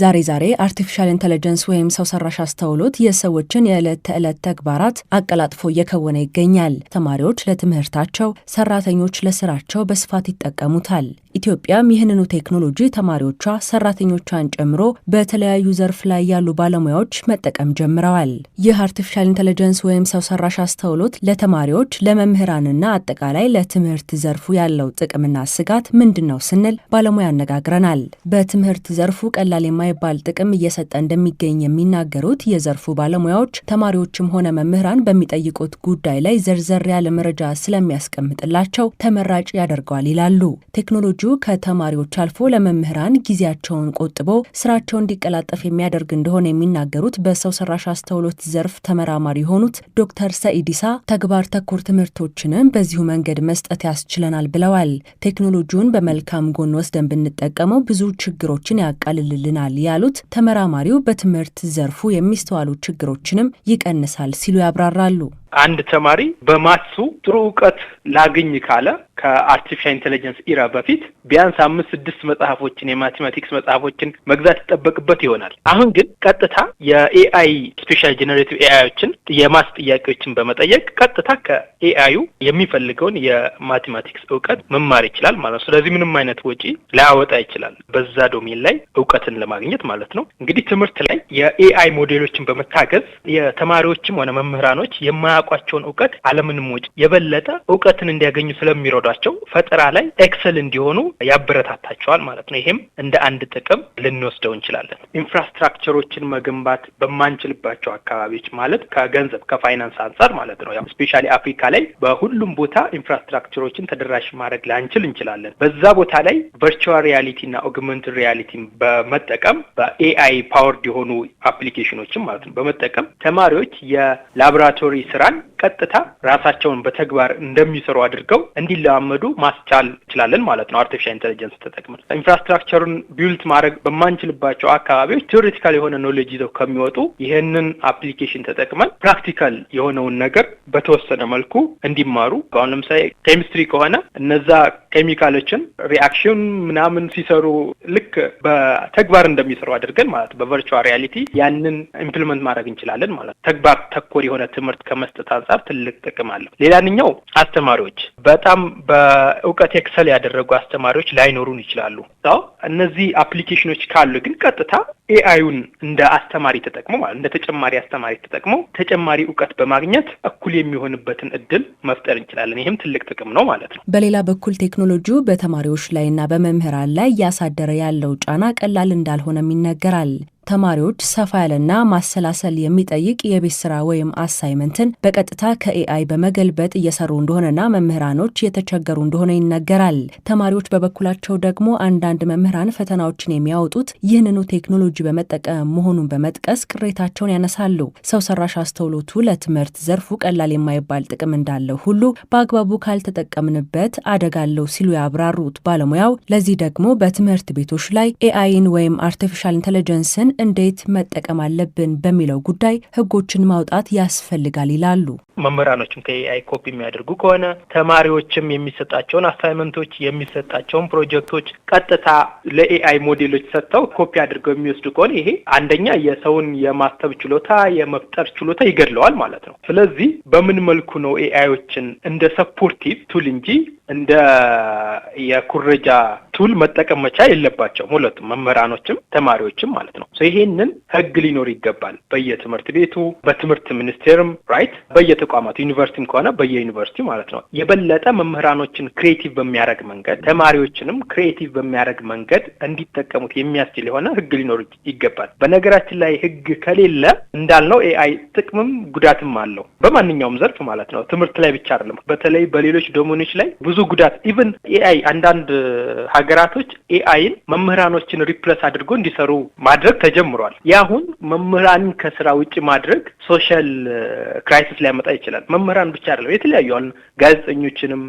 ዛሬ ዛሬ አርቲፊሻል ኢንተለጀንስ ወይም ሰው ሰራሽ አስተውሎት የሰዎችን የዕለት ተዕለት ተግባራት አቀላጥፎ እየከወነ ይገኛል። ተማሪዎች ለትምህርታቸው፣ ሰራተኞች ለስራቸው በስፋት ይጠቀሙታል። ኢትዮጵያም ይህንኑ ቴክኖሎጂ ተማሪዎቿ፣ ሰራተኞቿን ጨምሮ በተለያዩ ዘርፍ ላይ ያሉ ባለሙያዎች መጠቀም ጀምረዋል። ይህ አርቲፊሻል ኢንተለጀንስ ወይም ሰው ሰራሽ አስተውሎት ለተማሪዎች፣ ለመምህራንና አጠቃላይ ለትምህርት ዘርፉ ያለው ጥቅምና ስጋት ምንድን ነው ስንል ባለሙያ አነጋግረናል። በትምህርት ዘርፉ ቀላል የማይባል ጥቅም እየሰጠ እንደሚገኝ የሚናገሩት የዘርፉ ባለሙያዎች ተማሪዎችም ሆነ መምህራን በሚጠይቁት ጉዳይ ላይ ዘርዘር ያለ መረጃ ስለሚያስቀምጥላቸው ተመራጭ ያደርገዋል ይላሉ። ቴክኖሎጂው ከተማሪዎች አልፎ ለመምህራን ጊዜያቸውን ቆጥቦ ስራቸው እንዲቀላጠፍ የሚያደርግ እንደሆነ የሚናገሩት በሰው ሰራሽ አስተውሎት ዘርፍ ተመራማሪ የሆኑት ዶክተር ሰኢዲሳ ተግባር ተኮር ትምህርቶችንም በዚሁ መንገድ መስጠት ያስችለናል ብለዋል። ቴክኖሎጂውን በመልካም ጎን ወስደን ብንጠቀመው ብዙ ችግሮችን ያቃልልልናል። ይሆናል ያሉት ተመራማሪው በትምህርት ዘርፉ የሚስተዋሉ ችግሮችንም ይቀንሳል ሲሉ ያብራራሉ። አንድ ተማሪ በማትሱ ጥሩ እውቀት ላግኝ ካለ ከአርቲፊሻል ኢንቴሊጀንስ ኢራ በፊት ቢያንስ አምስት ስድስት መጽሐፎችን የማቴማቲክስ መጽሐፎችን መግዛት ይጠበቅበት ይሆናል። አሁን ግን ቀጥታ የኤአይ ስፔሻል ጀነሬቲቭ ኤአይዎችን የማስ ጥያቄዎችን በመጠየቅ ቀጥታ ከኤአዩ የሚፈልገውን የማቴማቲክስ እውቀት መማር ይችላል ማለት ነው። ስለዚህ ምንም አይነት ወጪ ላያወጣ ይችላል በዛ ዶሜን ላይ እውቀትን ለማግኘት ማለት ነው። እንግዲህ ትምህርት ላይ የኤአይ ሞዴሎችን በመታገዝ የተማሪዎችም ሆነ መምህራኖች የማያውቋቸውን እውቀት አለምንም ወጪ የበለጠ እውቀትን እንዲያገኙ ስለሚረዷ በራሳቸው ፈጠራ ላይ ኤክሰል እንዲሆኑ ያበረታታቸዋል ማለት ነው። ይሄም እንደ አንድ ጥቅም ልንወስደው እንችላለን። ኢንፍራስትራክቸሮችን መገንባት በማንችልባቸው አካባቢዎች ማለት ከገንዘብ ከፋይናንስ አንጻር ማለት ነው። ስፔሻሊ አፍሪካ ላይ በሁሉም ቦታ ኢንፍራስትራክቸሮችን ተደራሽ ማድረግ ላንችል እንችላለን። በዛ ቦታ ላይ ቨርቹዋል ሪያሊቲ እና ኦግመንትድ ሪያሊቲ በመጠቀም በኤአይ ፓወርድ የሆኑ አፕሊኬሽኖችን ማለት ነው በመጠቀም ተማሪዎች የላቦራቶሪ ስራን ቀጥታ ራሳቸውን በተግባር እንደሚሰሩ አድርገው እንዲለማ እንዲራመዱ ማስቻል እንችላለን ማለት ነው። አርቲፊሻል ኢንቴሊጀንስ ተጠቅመን ኢንፍራስትራክቸሩን ቢልት ማድረግ በማንችልባቸው አካባቢዎች ቲዎሬቲካል የሆነ ኖሌጅ ይዘው ከሚወጡ ይህንን አፕሊኬሽን ተጠቅመን ፕራክቲካል የሆነውን ነገር በተወሰነ መልኩ እንዲማሩ አሁን ለምሳሌ ኬሚስትሪ ከሆነ እነዛ ኬሚካሎችን ሪአክሽን ምናምን ሲሰሩ ልክ በተግባር እንደሚሰሩ አድርገን ማለት በቨርቹዋል ሪያሊቲ ያንን ኢምፕሊመንት ማድረግ እንችላለን ማለት ነው። ተግባር ተኮር የሆነ ትምህርት ከመስጠት አንጻር ትልቅ ጥቅም አለው። ሌላንኛው አስተማሪዎች በጣም በእውቀት ኤክሰል ያደረጉ አስተማሪዎች ላይኖሩን ይችላሉ። ው እነዚህ አፕሊኬሽኖች ካሉ ግን ቀጥታ ኤአዩን እንደ አስተማሪ ተጠቅሞ ማለት እንደ ተጨማሪ አስተማሪ ተጠቅሞ ተጨማሪ እውቀት በማግኘት እኩል የሚሆንበትን እድል መፍጠር እንችላለን። ይህም ትልቅ ጥቅም ነው ማለት ነው። በሌላ በኩል ቴክኖሎጂው በተማሪዎች ላይ እና በመምህራን ላይ እያሳደረ ያለው ጫና ቀላል እንዳልሆነም ይነገራል። ተማሪዎች ሰፋ ያለና ማሰላሰል የሚጠይቅ የቤት ስራ ወይም አሳይመንትን በቀጥታ ከኤአይ በመገልበጥ እየሰሩ እንደሆነና መምህራኖች የተቸገሩ እንደሆነ ይነገራል። ተማሪዎች በበኩላቸው ደግሞ አንዳንድ መምህራን ፈተናዎችን የሚያወጡት ይህንኑ ቴክኖሎጂ በመጠቀም መሆኑን በመጥቀስ ቅሬታቸውን ያነሳሉ። ሰው ሰራሽ አስተውሎቱ ለትምህርት ዘርፉ ቀላል የማይባል ጥቅም እንዳለው ሁሉ በአግባቡ ካልተጠቀምንበት አደጋ አለው ሲሉ ያብራሩት ባለሙያው ለዚህ ደግሞ በትምህርት ቤቶች ላይ ኤአይን ወይም አርቲፊሻል ኢንቴሊጀንስን እንዴት መጠቀም አለብን በሚለው ጉዳይ ህጎችን ማውጣት ያስፈልጋል ይላሉ። መምህራኖችም ከኤአይ ኮፒ የሚያደርጉ ከሆነ ተማሪዎችም የሚሰጣቸውን አሳይመንቶች የሚሰጣቸውን ፕሮጀክቶች ቀጥታ ለኤአይ ሞዴሎች ሰጥተው ኮፒ አድርገው የሚወስዱ ከሆነ ይሄ አንደኛ የሰውን የማሰብ ችሎታ የመፍጠር ችሎታ ይገድለዋል ማለት ነው። ስለዚህ በምን መልኩ ነው ኤአይዎችን እንደ ሰፖርቲቭ ቱል እንጂ እንደ የኩረጃ ቱል መጠቀም መቻ የለባቸውም። ሁለቱም መምህራኖችም ተማሪዎችም ማለት ነው። ይሄንን ህግ ሊኖር ይገባል በየትምህርት ቤቱ በትምህርት ሚኒስቴርም ራይት በየተ ተቋማት ዩኒቨርሲቲም ከሆነ በየዩኒቨርሲቲ ማለት ነው የበለጠ መምህራኖችን ክሬቲቭ በሚያደረግ መንገድ ተማሪዎችንም ክሬቲቭ በሚያደረግ መንገድ እንዲጠቀሙት የሚያስችል የሆነ ህግ ሊኖር ይገባል። በነገራችን ላይ ህግ ከሌለ እንዳልነው ኤአይ ጥቅምም ጉዳትም አለው በማንኛውም ዘርፍ ማለት ነው። ትምህርት ላይ ብቻ አይደለም፣ በተለይ በሌሎች ዶሜኖች ላይ ብዙ ጉዳት ኢቭን ኤአይ አንዳንድ ሀገራቶች ኤአይን መምህራኖችን ሪፕለስ አድርጎ እንዲሰሩ ማድረግ ተጀምሯል። ያሁን መምህራንን ከስራ ውጭ ማድረግ ሶሻል ክራይሲስ ሊያመጣ ይችላል። መምህራን ብቻ አይደለም የተለያዩ አሁን ጋዜጠኞችንም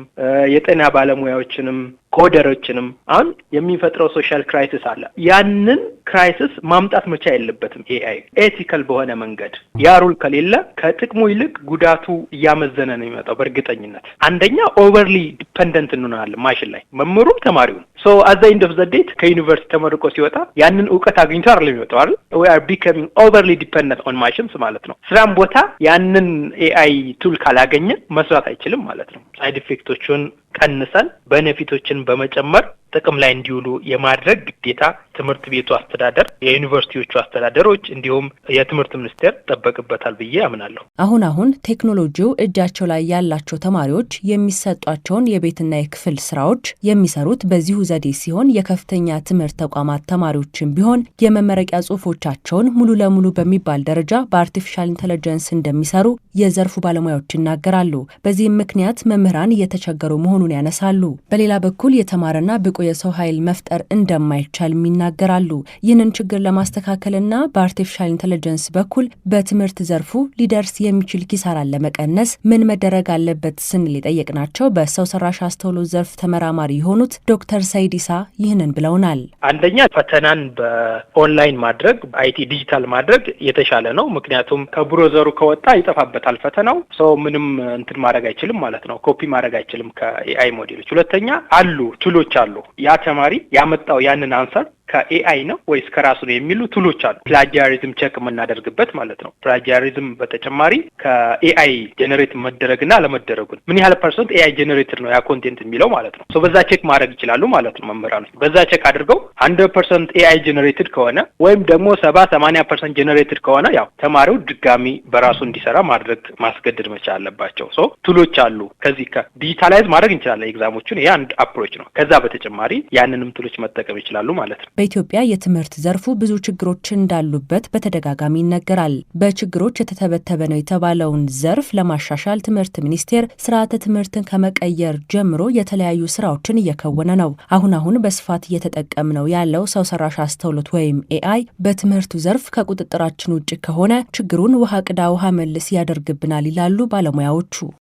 የጤና ባለሙያዎችንም ኮደሮችንም አሁን የሚፈጥረው ሶሻል ክራይሲስ አለ። ያንን ክራይሲስ ማምጣት መቻ የለበትም ኤአይ ኤቲካል በሆነ መንገድ። ያ ሩል ከሌለ ከጥቅሙ ይልቅ ጉዳቱ እያመዘነ ነው የሚመጣው። በእርግጠኝነት አንደኛ ኦቨርሊ ዲፐንደንት እንሆናለን ማሽን ላይ መምህሩም ተማሪውን። ሶ አዛ ኢንድ ኦፍ ዘ ከዩኒቨርሲቲ ተመርቆ ሲወጣ ያንን እውቀት አግኝቶ አይደለም የሚወጣው አይደል? ዊ አር ቢከሚንግ ኦቨርሊ ዲፐንደንት ኦን ማሽንስ ማለት ነው። ስራም ቦታ ያንን ኤአይ ቱል ካላገኘ መስራት አይችልም ማለት ነው። ሳይድ ኢፌክቶቹን ቀንሰን በነፊቶችን በመጨመር ጥቅም ላይ እንዲውሉ የማድረግ ግዴታ ትምህርት ቤቱ አስተዳደር፣ የዩኒቨርሲቲዎቹ አስተዳደሮች እንዲሁም የትምህርት ሚኒስቴር ይጠበቅበታል ብዬ አምናለሁ። አሁን አሁን ቴክኖሎጂው እጃቸው ላይ ያላቸው ተማሪዎች የሚሰጧቸውን የቤትና የክፍል ስራዎች የሚሰሩት በዚሁ ዘዴ ሲሆን የከፍተኛ ትምህርት ተቋማት ተማሪዎችን ቢሆን የመመረቂያ ጽሁፎቻቸውን ሙሉ ለሙሉ በሚባል ደረጃ በአርቲፊሻል ኢንተለጀንስ እንደሚሰሩ የዘርፉ ባለሙያዎች ይናገራሉ። በዚህም ምክንያት መምህራን እየተቸገሩ መሆኑን ያነሳሉ። በሌላ በኩል የተማረና ብቁ የሰው ኃይል መፍጠር እንደማይቻል ይናገራሉ። ይህንን ችግር ለማስተካከልና በአርቲፊሻል ኢንቴሊጀንስ በኩል በትምህርት ዘርፉ ሊደርስ የሚችል ኪሳራን ለመቀነስ ምን መደረግ አለበት ስንል የጠየቅናቸው በሰው ሰራሽ አስተውሎት ዘርፍ ተመራማሪ የሆኑት ዶክተር ሰይዲሳ ይህንን ብለውናል። አንደኛ ፈተናን በኦንላይን ማድረግ አይቲ ዲጂታል ማድረግ የተሻለ ነው። ምክንያቱም ከብሮዘሩ ከወጣ ይጠፋበታል ፈተናው። ሰው ምንም እንትን ማድረግ አይችልም ማለት ነው። ኮፒ ማድረግ አይችልም ከኤአይ ሞዴሎች። ሁለተኛ አሉ ቱሎች አሉ ያ ተማሪ ያመጣው ያንን አንሰር ከኤአይ ነው ወይስ ከራሱ ነው የሚሉ ቱሎች አሉ። ፕላጃሪዝም ቸክ የምናደርግበት ማለት ነው። ፕላጃሪዝም በተጨማሪ ከኤአይ ጀኔሬት መደረግና አለመደረጉን ምን ያህል ፐርሰንት ኤአይ ጀኔሬትድ ነው ያ ኮንቴንት የሚለው ማለት ነው። በዛ ቼክ ማድረግ ይችላሉ ማለት ነው መምህራኖች። በዛ ቼክ አድርገው ሀንድረድ ፐርሰንት ኤአይ ጀኔሬትድ ከሆነ ወይም ደግሞ ሰባ ሰማንያ ፐርሰንት ጀኔሬትድ ከሆነ ያው ተማሪው ድጋሚ በራሱ እንዲሰራ ማድረግ ማስገደድ መቻል አለባቸው። ሶ ቱሎች አሉ። ከዚህ ከዲጂታላይዝ ማድረግ እንችላለን ኤግዛሞቹን። ይሄ አንድ አፕሮች ነው። ከዛ በተጨማሪ ያንንም ቱሎች መጠቀም ይችላሉ ማለት ነው። በኢትዮጵያ የትምህርት ዘርፉ ብዙ ችግሮች እንዳሉበት በተደጋጋሚ ይነገራል። በችግሮች የተተበተበ ነው የተባለውን ዘርፍ ለማሻሻል ትምህርት ሚኒስቴር ስርዓተ ትምህርትን ከመቀየር ጀምሮ የተለያዩ ስራዎችን እየከወነ ነው። አሁን አሁን በስፋት እየተጠቀም ነው ያለው ሰው ሰራሽ አስተውሎት ወይም ኤአይ በትምህርቱ ዘርፍ ከቁጥጥራችን ውጭ ከሆነ ችግሩን ውሃ ቅዳ ውሃ መልስ ያደርግብናል ይላሉ ባለሙያዎቹ።